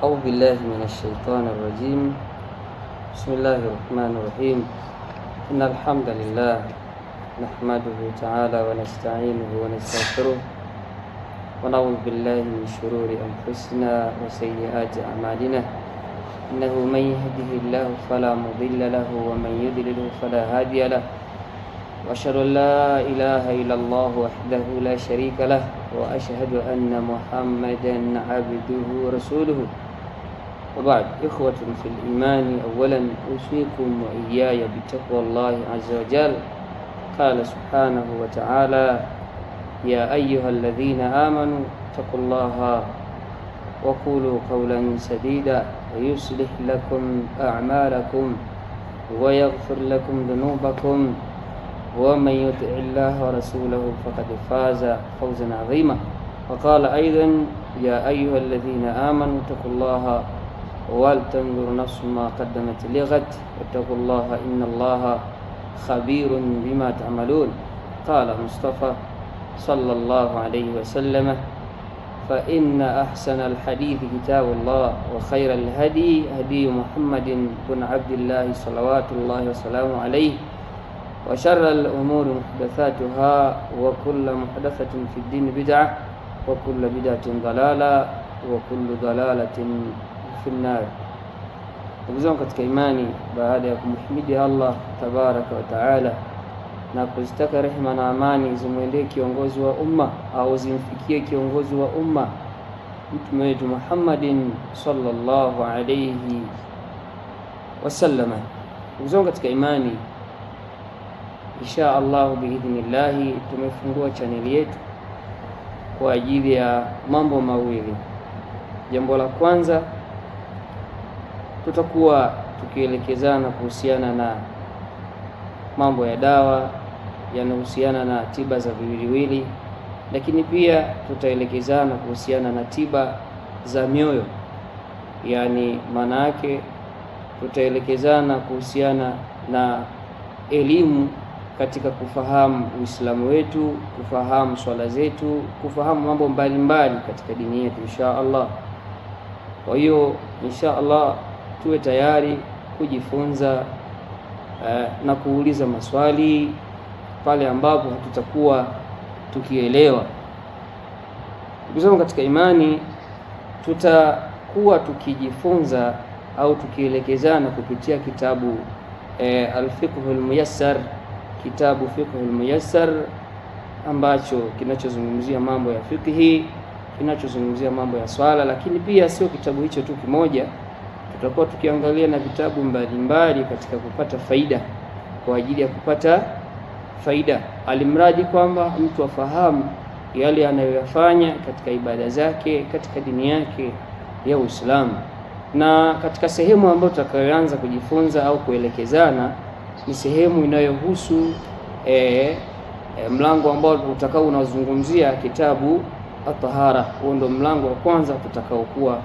أعوذ بالله من الشيطان الرجيم بسم الله الرحمن الرحيم إن الحمد لله نحمده تعالى ونستعينه ونستغفره ونعوذ بالله من شرور أنفسنا وسيئات أعمالنا إنه من يهده الله فلا مضل له ومن يضلل فلا هادي له وأشهد أن لا إله إلا الله وحده لا شريك له وأشهد أن محمدا عبده ورسوله وبعد إخوة في الإيمان أولا أوصيكم وإياي بتقوى الله عز وجل قال سبحانه وتعالى يا أيها الذين آمنوا اتقوا الله وقولوا قولا سديدا ويصلح لكم أعمالكم ويغفر لكم ذنوبكم ومن يطع الله ورسوله فقد فاز فوزا عظيما وقال أيضا يا أيها الذين آمنوا اتقوا الله ولتنظر نفس ما قدمت لغد واتقوا الله إن الله خبير بما تعملون قال مصطفى صلى الله عليه وسلم فإن أحسن الحديث كتاب الله وخير الهدي هدي محمد بن عبد الله صلوات الله وسلامه عليه وشر الأمور محدثاتها وكل محدثة في الدين بدعة وكل بدعة ضلالة وكل ضلالة finnar. Ndugu zangu katika imani, baada ya kumhimidi Allah tabaraka wa taala na kuzitaka rehema na amani zimwendee kiongozi wa umma au zimfikie kiongozi wa umma mtume wetu Muhammadin sallallahu alayhi wasallama. Ndugu zangu katika imani, insha allahu biidhnillahi, tumefungua chaneli yetu kwa ajili ya mambo mawili. Jambo la kwanza tutakuwa tukielekezana kuhusiana na mambo ya dawa yanayohusiana na tiba za viwiliwili, lakini pia tutaelekezana kuhusiana na tiba za mioyo, yaani maana yake tutaelekezana kuhusiana na elimu katika kufahamu Uislamu wetu, kufahamu swala zetu, kufahamu mambo mbalimbali mbali katika dini yetu insha Allah. Kwa hiyo insha Allah tuwe tayari kujifunza uh, na kuuliza maswali pale ambapo hatutakuwa tukielewa. Ndugu zangu katika imani, tutakuwa tukijifunza au tukielekezana kupitia kitabu e, Alfiqhul Muyassar, kitabu Fiqhul Muyassar ambacho kinachozungumzia mambo ya fiqhi, kinachozungumzia mambo ya swala, lakini pia sio kitabu hicho tu kimoja tutakuwa tukiangalia na vitabu mbalimbali katika kupata faida, kwa ajili ya kupata faida, alimradi kwamba mtu afahamu yale anayoyafanya katika ibada zake, katika dini yake ya Uislamu. Na katika sehemu ambayo tutakayoanza kujifunza au kuelekezana ni sehemu inayohusu e, e, mlango ambao utakao unazungumzia kitabu atahara. Huo ndio mlango wa kwanza tutakaokuwa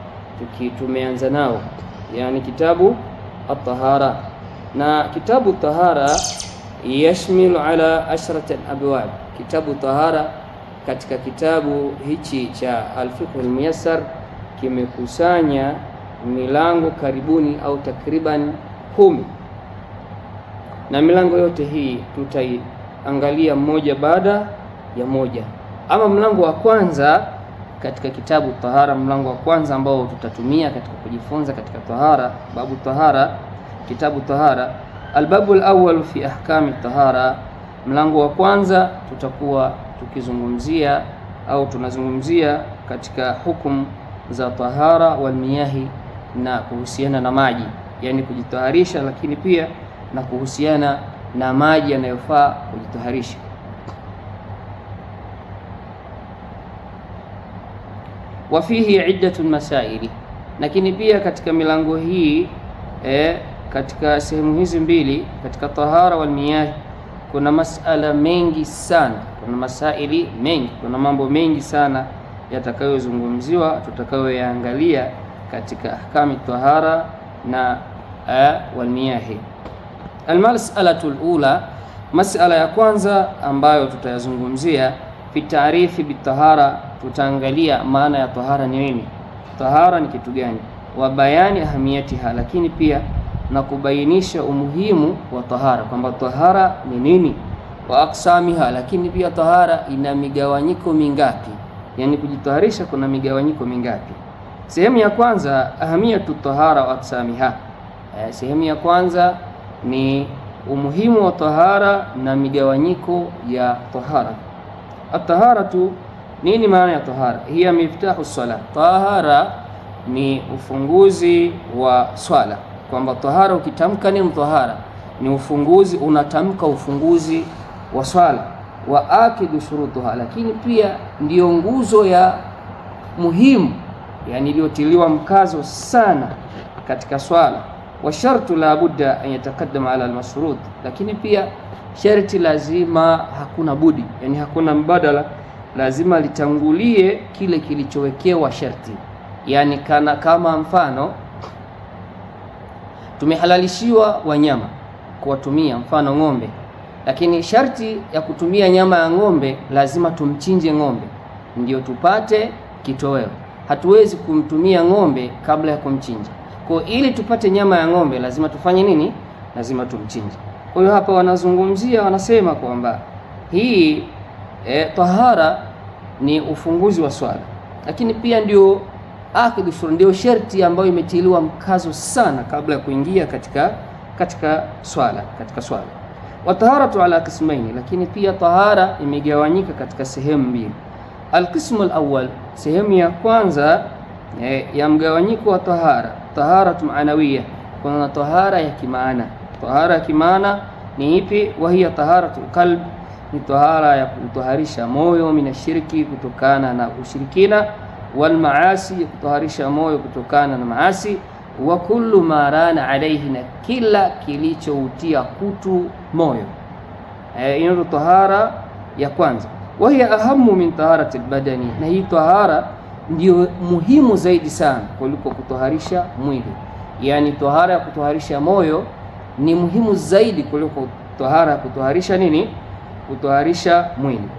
tumeanza nao yani kitabu at-tahara, na kitabu tahara yashmilu ala al abwab. Kitabu tahara katika kitabu hichi cha al-fiqh al-muyassar kimekusanya milango karibuni au takriban kumi, na milango yote hii tutaiangalia mmoja baada ya moja. Ama mlango wa kwanza katika kitabu tahara mlango wa kwanza ambao tutatumia katika kujifunza katika tahara, babu tahara, kitabu tahara. Albabu alawwal fi ahkami tahara, mlango wa kwanza tutakuwa tukizungumzia au tunazungumzia katika hukumu za tahara walmiyahi, na kuhusiana na maji, yani kujitaharisha, lakini pia na kuhusiana na maji yanayofaa kujitaharisha. wa fihi iddatu masaili, lakini pia katika milango hii eh, katika sehemu hizi mbili katika tahara wal miyah kuna masala mengi sana, kuna masaili mengi, kuna mambo mengi sana yatakayozungumziwa tutakayoyaangalia katika ahkami tahara na eh, wal miyahi. Almasalatu lula, masala ya kwanza ambayo tutayazungumzia fi taarifi bitahara, tutaangalia maana ya tahara ni nini, tahara ni kitu gani, wa bayani ahamiyatiha, lakini pia na kubainisha umuhimu wa tahara kwamba tahara ni nini, wa aksamiha, lakini pia tahara ina migawanyiko mingapi, yani kujitaharisha kuna migawanyiko mingapi. Sehemu ya kwanza ahamiyatu tahara wa aksamiha, e, sehemu ya kwanza ni umuhimu wa tahara na migawanyiko ya tahara at nini maana ya tahara? Hiya miftahu sala, tahara ni ufunguzi wa swala, kwamba tahara ukitamka ni mtahara ni ufunguzi, unatamka ufunguzi wa swala wa akidu shurutuha, lakini pia ndiyo nguzo ya muhimu, yani iliyotiliwa mkazo sana katika swala wa shartu la budda an yataqaddama ala almashrud, lakini pia sharti lazima, hakuna budi, yani hakuna mbadala, lazima litangulie kile kilichowekewa sharti. Yani kana kama mfano tumehalalishiwa wanyama kuwatumia, mfano ng'ombe, lakini sharti ya kutumia nyama ya ng'ombe lazima tumchinje ng'ombe ndio tupate kitoweo. Hatuwezi kumtumia ng'ombe kabla ya kumchinja. Kwa ili tupate nyama ya ng'ombe lazima tufanye nini? Lazima tumchinje. Kwa hiyo hapa wanazungumzia wanasema kwamba hii e, tahara ni ufunguzi wa swala, lakini pia ndio akdu ndio sharti ambayo imetiliwa mkazo sana kabla ya kuingia katika katika swala katika swala wa ala kismaini lakini pia tahara imegawanyika katika sehemu mbili. Alqismu alawwal, sehemu ya kwanza e, ya mgawanyiko wa tahara taharatu maanawiya, kuna tahara ya kimaana. Tahara ya kimaana ni ipi? Wahiya taharatu qalb, ni tahara ya kutoharisha moyo, minashiriki, kutokana na ushirikina, walmaasi, kutoharisha moyo kutokana na maasi, wa kullu ma rana alaihi, na kila kilichoutia kutu moyo. E, eh, tahara ya kwanza. wa Wahiya ahamu min taharati albadani, na hii tahara ndio muhimu zaidi sana kuliko kutoharisha mwili. Yaani tohara ya kutoharisha moyo ni muhimu zaidi kuliko tohara ya kutoharisha nini? Kutoharisha mwili.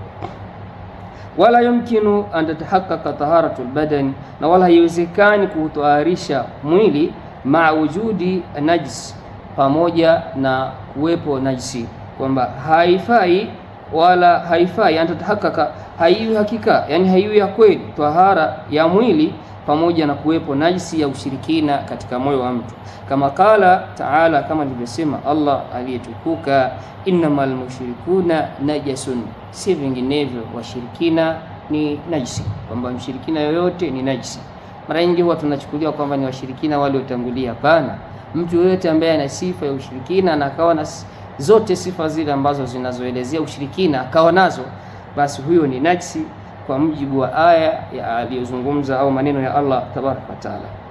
Wala yumkinu an tatahaqqaqa taharatu lbadani, na wala haiwezekani kutoharisha mwili maa wujudi najis, pamoja na kuwepo najisi, kwamba haifai wala haifai antatahakaka haiwi hakika, yani haiwi ya kweli twahara ya mwili pamoja na kuwepo najisi ya ushirikina katika moyo wa mtu, kama kala taala, kama nilivyosema Allah aliyetukuka, innamal mushrikuna najasun, si vinginevyo washirikina ni najisi, kwamba mshirikina yoyote ni najisi. Mara nyingi huwa tunachukulia kwamba ni washirikina wale waliotangulia. Hapana, mtu yoyote ambaye ana sifa ya ushirikina na akawa na zote sifa zile ambazo zinazoelezea ushirikina akawa nazo, basi huyo ni najisi kwa mujibu wa aya aliyozungumza au maneno ya Allah tabaraka wa taala.